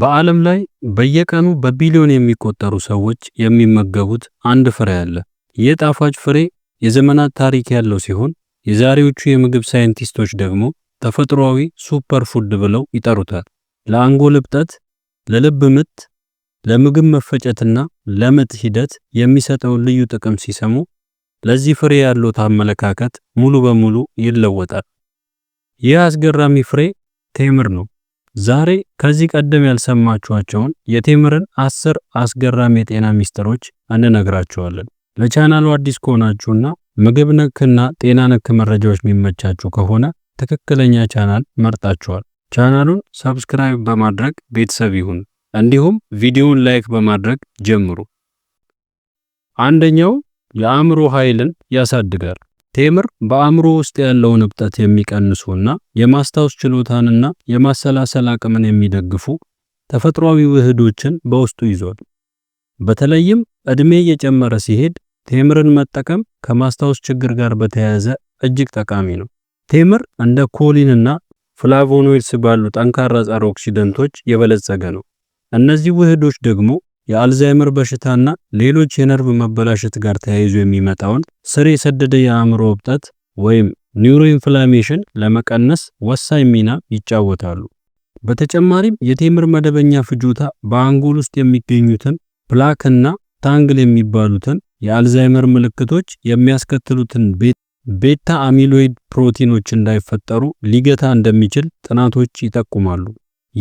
በዓለም ላይ በየቀኑ በቢሊዮን የሚቆጠሩ ሰዎች የሚመገቡት አንድ ፍሬ አለ። ይህ ጣፋጭ ፍሬ የዘመናት ታሪክ ያለው ሲሆን የዛሬዎቹ የምግብ ሳይንቲስቶች ደግሞ ተፈጥሯዊ ሱፐር ፉድ ብለው ይጠሩታል። ለአንጎል እብጠት፣ ለልብ ምት፣ ለምግብ መፈጨትና ለምጥ ሂደት የሚሰጠውን ልዩ ጥቅም ሲሰሙ ለዚህ ፍሬ ያለው አመለካከት ሙሉ በሙሉ ይለወጣል። ይህ አስገራሚ ፍሬ ቴምር ነው። ዛሬ ከዚህ ቀደም ያልሰማችኋቸውን የቴምርን አስር አስገራሚ የጤና ሚስጥሮች እንነግራችኋለን። ለቻናሉ አዲስ ከሆናችሁና ምግብ ነክና ጤና ነክ መረጃዎች የሚመቻችሁ ከሆነ ትክክለኛ ቻናል መርጣችኋል። ቻናሉን ሰብስክራይብ በማድረግ ቤተሰብ ይሁን፣ እንዲሁም ቪዲዮውን ላይክ በማድረግ ጀምሩ። አንደኛው የአእምሮ ኃይልን ያሳድጋል። ቴምር በአእምሮ ውስጥ ያለውን እብጠት የሚቀንሱና የማስታወስ ችሎታንና የማሰላሰል አቅምን የሚደግፉ ተፈጥሯዊ ውህዶችን በውስጡ ይዟል። በተለይም ዕድሜ እየጨመረ ሲሄድ ቴምርን መጠቀም ከማስታወስ ችግር ጋር በተያያዘ እጅግ ጠቃሚ ነው። ቴምር እንደ ኮሊንና ፍላቮኖይድስ ባሉ ጠንካራ ጸረ ኦክሲደንቶች የበለጸገ ነው። እነዚህ ውህዶች ደግሞ የአልዛይመር በሽታና ሌሎች የነርቭ መበላሸት ጋር ተያይዞ የሚመጣውን ስር የሰደደ የአእምሮ እብጠት ወይም ኒውሮ ኢንፍላሜሽን ለመቀነስ ወሳኝ ሚና ይጫወታሉ። በተጨማሪም የቴምር መደበኛ ፍጆታ በአንጎል ውስጥ የሚገኙትን ፕላክ እና ታንግል የሚባሉትን የአልዛይመር ምልክቶች የሚያስከትሉትን ቤታ አሚሎይድ ፕሮቲኖች እንዳይፈጠሩ ሊገታ እንደሚችል ጥናቶች ይጠቁማሉ።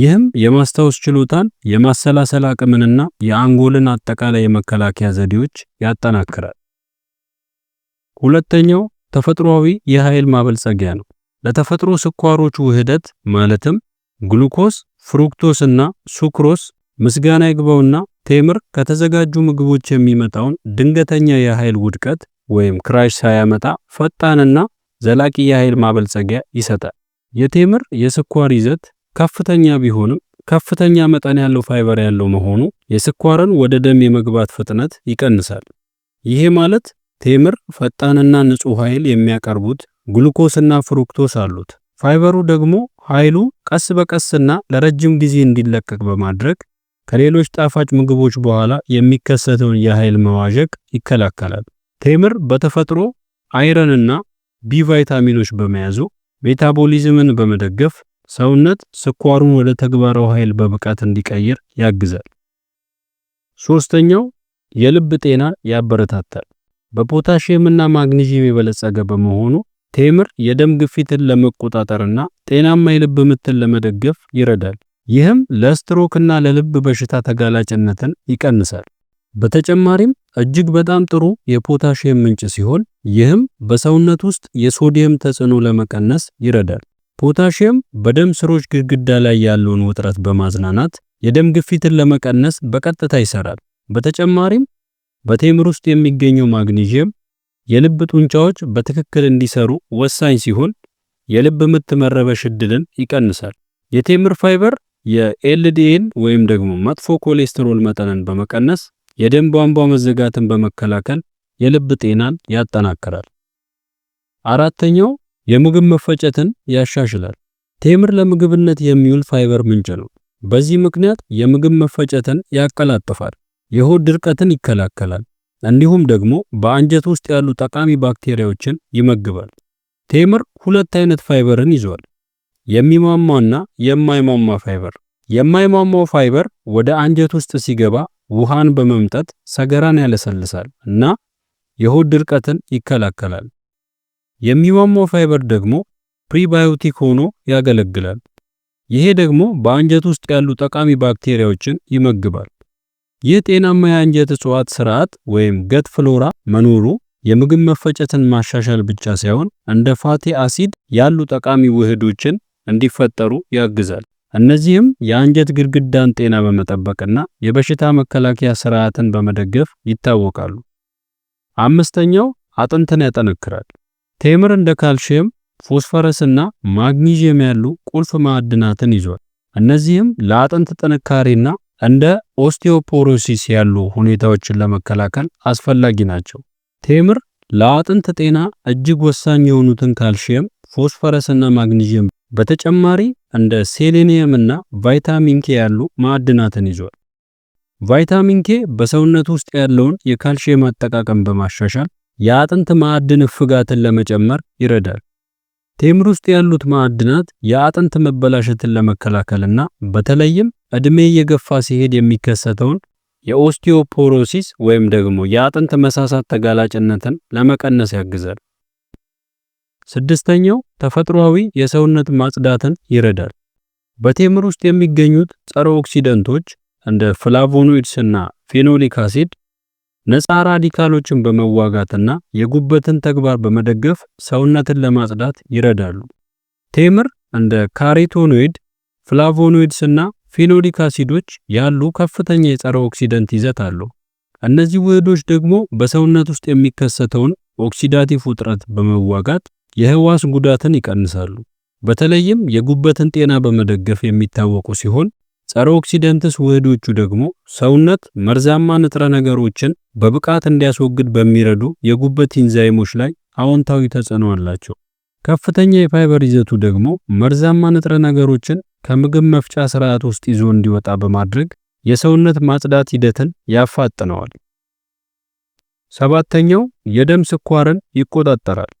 ይህም የማስታወስ ችሎታን የማሰላሰል አቅምንና የአንጎልን አጠቃላይ የመከላከያ ዘዴዎች ያጠናክራል። ሁለተኛው ተፈጥሯዊ የኃይል ማበልጸጊያ ነው። ለተፈጥሮ ስኳሮች ውህደት ማለትም ግሉኮስ፣ ፍሩክቶስ እና ሱክሮስ ምስጋና ይግባውና ቴምር ከተዘጋጁ ምግቦች የሚመጣውን ድንገተኛ የኃይል ውድቀት ወይም ክራሽ ሳያመጣ ፈጣንና ዘላቂ የኃይል ማበልጸጊያ ይሰጣል። የቴምር የስኳር ይዘት ከፍተኛ ቢሆንም ከፍተኛ መጠን ያለው ፋይበር ያለው መሆኑ የስኳርን ወደ ደም የመግባት ፍጥነት ይቀንሳል። ይሄ ማለት ቴምር ፈጣንና ንጹህ ኃይል የሚያቀርቡት ግሉኮስና ፍሩክቶስ አሉት። ፋይበሩ ደግሞ ኃይሉ ቀስ በቀስና ለረጅም ጊዜ እንዲለቀቅ በማድረግ ከሌሎች ጣፋጭ ምግቦች በኋላ የሚከሰተውን የኃይል መዋዠቅ ይከላከላል። ቴምር በተፈጥሮ አይረንና ቢ ቫይታሚኖች በመያዙ ሜታቦሊዝምን በመደገፍ ሰውነት ስኳሩን ወደ ተግባራዊ ኃይል በብቃት እንዲቀይር ያግዛል። ሶስተኛው የልብ ጤና ያበረታታል። በፖታሺየምና ማግኒዥየም የበለጸገ በመሆኑ ቴምር የደም ግፊትን ለመቆጣጠርና ጤናማ የልብ ምትን ለመደገፍ ይረዳል። ይህም ለስትሮክና ለልብ በሽታ ተጋላጭነትን ይቀንሳል። በተጨማሪም እጅግ በጣም ጥሩ የፖታሺየም ምንጭ ሲሆን ይህም በሰውነት ውስጥ የሶዲየም ተጽዕኖ ለመቀነስ ይረዳል። ፖታሺየም በደም ስሮች ግድግዳ ላይ ያለውን ውጥረት በማዝናናት የደም ግፊትን ለመቀነስ በቀጥታ ይሰራል። በተጨማሪም በቴምር ውስጥ የሚገኘው ማግኒዥየም የልብ ጡንቻዎች በትክክል እንዲሰሩ ወሳኝ ሲሆን የልብ ምት መረበሽ ይቀንሳል። የቴምር ፋይበር የኤልዲኤን ወይም ደግሞ መጥፎ ኮሌስትሮል መጠንን በመቀነስ የደም ቧንቧ መዘጋትን በመከላከል የልብ ጤናን ያጠናክራል። አራተኛው የምግብ መፈጨትን ያሻሽላል። ቴምር ለምግብነት የሚውል ፋይበር ምንጭ ነው። በዚህ ምክንያት የምግብ መፈጨትን ያቀላጥፋል፣ የሆድ ድርቀትን ይከላከላል፣ እንዲሁም ደግሞ በአንጀት ውስጥ ያሉ ጠቃሚ ባክቴሪያዎችን ይመግባል። ቴምር ሁለት አይነት ፋይበርን ይዟል፣ የሚሟሟና የማይሟሟ ፋይበር። የማይሟሟው ፋይበር ወደ አንጀት ውስጥ ሲገባ ውሃን በመምጠት ሰገራን ያለሰልሳል እና የሆድ ድርቀትን ይከላከላል። የሚሟሟው ፋይበር ደግሞ ፕሪባዮቲክ ሆኖ ያገለግላል። ይሄ ደግሞ በአንጀት ውስጥ ያሉ ጠቃሚ ባክቴሪያዎችን ይመግባል። ይህ ጤናማ የአንጀት እጽዋት ስርዓት ወይም ገት ፍሎራ መኖሩ የምግብ መፈጨትን ማሻሻል ብቻ ሳይሆን እንደ ፋቲ አሲድ ያሉ ጠቃሚ ውህዶችን እንዲፈጠሩ ያግዛል። እነዚህም የአንጀት ግድግዳን ጤና በመጠበቅና የበሽታ መከላከያ ስርዓትን በመደገፍ ይታወቃሉ። አምስተኛው አጥንትን ያጠነክራል። ቴምር እንደ ካልሽየም፣ ፎስፈረስና ማግኒዥየም ያሉ ቁልፍ ማዕድናትን ይዟል። እነዚህም ለአጥንት ጥንካሬና እንደ ኦስቲዮፖሮሲስ ያሉ ሁኔታዎችን ለመከላከል አስፈላጊ ናቸው። ቴምር ለአጥንት ጤና እጅግ ወሳኝ የሆኑትን ካልሽየም፣ ፎስፈረስና ማግኒዥየም በተጨማሪ እንደ ሴሌኒየም እና ቫይታሚን ኬ ያሉ ማዕድናትን ይዟል። ቫይታሚን ኬ በሰውነት ውስጥ ያለውን የካልሽየም አጠቃቀም በማሻሻል የአጥንት ማዕድን እፍጋትን ለመጨመር ይረዳል። ቴምር ውስጥ ያሉት ማዕድናት የአጥንት መበላሸትን ለመከላከልና በተለይም እድሜ እየገፋ ሲሄድ የሚከሰተውን የኦስቲዮፖሮሲስ ወይም ደግሞ የአጥንት መሳሳት ተጋላጭነትን ለመቀነስ ያግዛል። ስድስተኛው ተፈጥሯዊ የሰውነት ማጽዳትን ይረዳል። በቴምር ውስጥ የሚገኙት ጸረ ኦክሲደንቶች እንደ ፍላቮኖይድስ እና ፌኖሊክ አሲድ ነፃ ራዲካሎችን በመዋጋትና የጉበትን ተግባር በመደገፍ ሰውነትን ለማጽዳት ይረዳሉ። ቴምር እንደ ካሮቲኖይድ፣ ፍላቮኖይድስ እና ፊኖሊክ አሲዶች ያሉ ከፍተኛ የጸረ ኦክሲደንት ይዘት አለው። እነዚህ ውህዶች ደግሞ በሰውነት ውስጥ የሚከሰተውን ኦክሲዳቲቭ ውጥረት በመዋጋት የህዋስ ጉዳትን ይቀንሳሉ። በተለይም የጉበትን ጤና በመደገፍ የሚታወቁ ሲሆን ጸረ ኦክሲደንትስ ውህዶቹ ደግሞ ሰውነት መርዛማ ንጥረ ነገሮችን በብቃት እንዲያስወግድ በሚረዱ የጉበት ኢንዛይሞች ላይ አዎንታዊ ተጽዕኖ አላቸው። ከፍተኛ የፋይበር ይዘቱ ደግሞ መርዛማ ንጥረ ነገሮችን ከምግብ መፍጫ ስርዓት ውስጥ ይዞ እንዲወጣ በማድረግ የሰውነት ማጽዳት ሂደትን ያፋጥነዋል። ሰባተኛው የደም ስኳርን ይቆጣጠራል።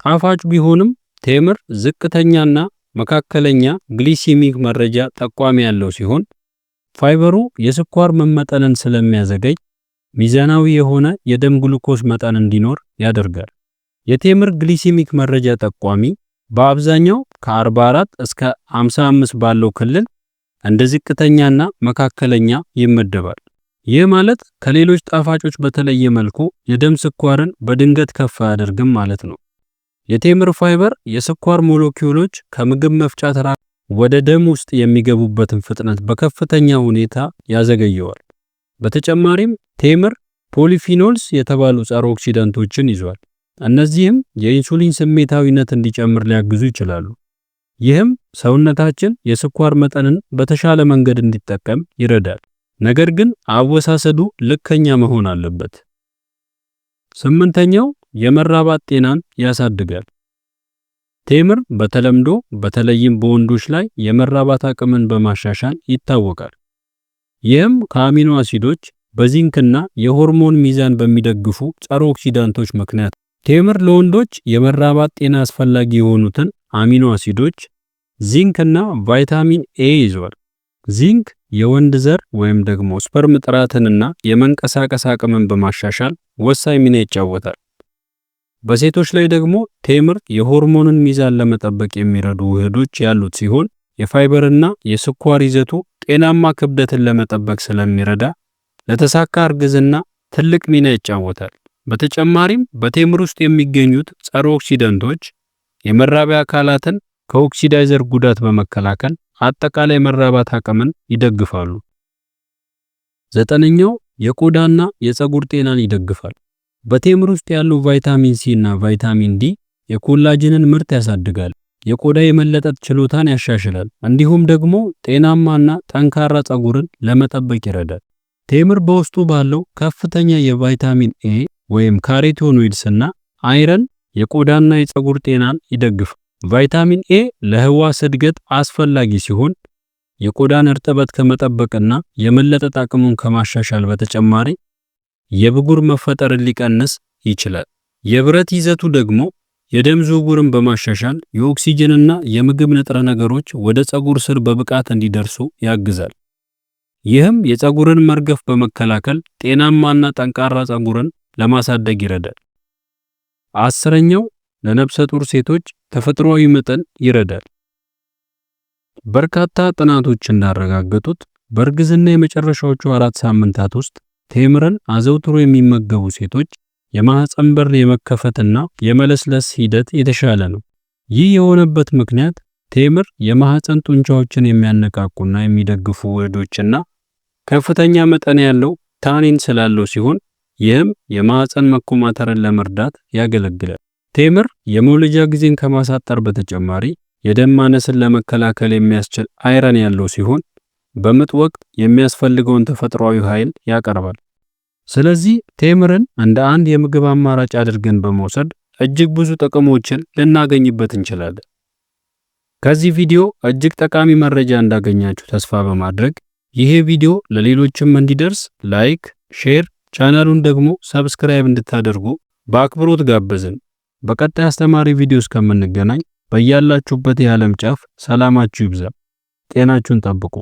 ጣፋጭ ቢሆንም ቴምር ዝቅተኛና መካከለኛ ግሊሲሚክ መረጃ ጠቋሚ ያለው ሲሆን ፋይበሩ የስኳር መመጠንን ስለሚያዘገይ ሚዛናዊ የሆነ የደም ግሉኮስ መጠን እንዲኖር ያደርጋል። የቴምር ግሊሲሚክ መረጃ ጠቋሚ በአብዛኛው ከ44 እስከ 55 ባለው ክልል እንደ ዝቅተኛና መካከለኛ ይመደባል። ይህ ማለት ከሌሎች ጣፋጮች በተለየ መልኩ የደም ስኳርን በድንገት ከፍ አያደርግም ማለት ነው። የቴምር ፋይበር የስኳር ሞለኪውሎች ከምግብ መፍጫ ተራ ወደ ደም ውስጥ የሚገቡበትን ፍጥነት በከፍተኛ ሁኔታ ያዘገየዋል። በተጨማሪም ቴምር ፖሊፊኖልስ የተባሉ ጸረ ኦክሲዳንቶችን ይዟል። እነዚህም የኢንሱሊን ስሜታዊነት እንዲጨምር ሊያግዙ ይችላሉ። ይህም ሰውነታችን የስኳር መጠንን በተሻለ መንገድ እንዲጠቀም ይረዳል። ነገር ግን አወሳሰዱ ልከኛ መሆን አለበት። ስምንተኛው የመራባት ጤናን ያሳድጋል። ቴምር በተለምዶ በተለይም በወንዶች ላይ የመራባት አቅምን በማሻሻል ይታወቃል። ይህም ከአሚኖ አሲዶች በዚንክና የሆርሞን ሚዛን በሚደግፉ ጸረ ኦክሲዳንቶች ምክንያት ቴምር ለወንዶች የመራባት ጤና አስፈላጊ የሆኑትን አሚኖ አሲዶች ዚንክና ቫይታሚን ኤ ይዟል። ዚንክ የወንድ ዘር ወይም ደግሞ ስፐርም ጥራትንና የመንቀሳቀስ አቅምን በማሻሻል ወሳኝ ሚና ይጫወታል። በሴቶች ላይ ደግሞ ቴምር የሆርሞንን ሚዛን ለመጠበቅ የሚረዱ ውህዶች ያሉት ሲሆን የፋይበርና የስኳር ይዘቱ ጤናማ ክብደትን ለመጠበቅ ስለሚረዳ ለተሳካ እርግዝና ትልቅ ሚና ይጫወታል። በተጨማሪም በቴምር ውስጥ የሚገኙት ጸረ ኦክሲደንቶች የመራቢያ አካላትን ከኦክሲዳይዘር ጉዳት በመከላከል አጠቃላይ መራባት አቅምን ይደግፋሉ። ዘጠነኛው የቆዳና የፀጉር ጤናን ይደግፋል። በቴምር ውስጥ ያለው ቫይታሚን ሲ እና ቫይታሚን ዲ የኮላጅንን ምርት ያሳድጋል፣ የቆዳ የመለጠጥ ችሎታን ያሻሽላል፣ እንዲሁም ደግሞ ጤናማና ጠንካራ ፀጉርን ለመጠበቅ ይረዳል። ቴምር በውስጡ ባለው ከፍተኛ የቫይታሚን ኤ ወይም ካሮቲኖይድስ እና አይረን የቆዳና የፀጉር ጤናን ይደግፋል። ቫይታሚን ኤ ለህዋስ እድገት አስፈላጊ ሲሆን የቆዳን እርጥበት ከመጠበቅና የመለጠጥ አቅሙን ከማሻሻል በተጨማሪ የብጉር መፈጠርን ሊቀንስ ይችላል። የብረት ይዘቱ ደግሞ የደም ዝውውርን በማሻሻል የኦክሲጅንና የምግብ ንጥረ ነገሮች ወደ ፀጉር ስር በብቃት እንዲደርሱ ያግዛል። ይህም የፀጉርን መርገፍ በመከላከል ጤናማና ጠንካራ ፀጉርን ለማሳደግ ይረዳል። አስረኛው ለነፍሰ ጡር ሴቶች ተፈጥሯዊ መጠን ይረዳል። በርካታ ጥናቶች እንዳረጋገጡት በእርግዝና የመጨረሻዎቹ አራት ሳምንታት ውስጥ ቴምርን አዘውትሮ የሚመገቡ ሴቶች የማህፀን በር የመከፈትና የመለስለስ ሂደት የተሻለ ነው። ይህ የሆነበት ምክንያት ቴምር የማህፀን ጡንቻዎችን የሚያነቃቁና የሚደግፉ ውህዶችና ከፍተኛ መጠን ያለው ታኒን ስላለው ሲሆን ይህም የማህፀን መኮማተርን ለመርዳት ያገለግላል። ቴምር የመውለጃ ጊዜን ከማሳጠር በተጨማሪ የደም ማነስን ለመከላከል የሚያስችል አይረን ያለው ሲሆን በምጥ ወቅት የሚያስፈልገውን ተፈጥሯዊ ኃይል ያቀርባል። ስለዚህ ቴምርን እንደ አንድ የምግብ አማራጭ አድርገን በመውሰድ እጅግ ብዙ ጥቅሞችን ልናገኝበት እንችላለን። ከዚህ ቪዲዮ እጅግ ጠቃሚ መረጃ እንዳገኛችሁ ተስፋ በማድረግ ይሄ ቪዲዮ ለሌሎችም እንዲደርስ ላይክ፣ ሼር፣ ቻናሉን ደግሞ ሰብስክራይብ እንድታደርጉ በአክብሮት ጋበዝን። በቀጣይ አስተማሪ ቪዲዮ እስከምንገናኝ በያላችሁበት የዓለም ጫፍ ሰላማችሁ ይብዛ፣ ጤናችሁን ጠብቁ።